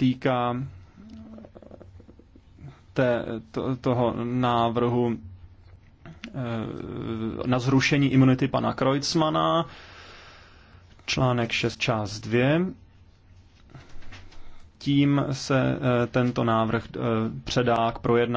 týká té, to, toho návrhu eh, na zrušení imunity pana Kreutzmana, článek 6 část 2. Tím se eh, tento návrh eh, předá k projednání.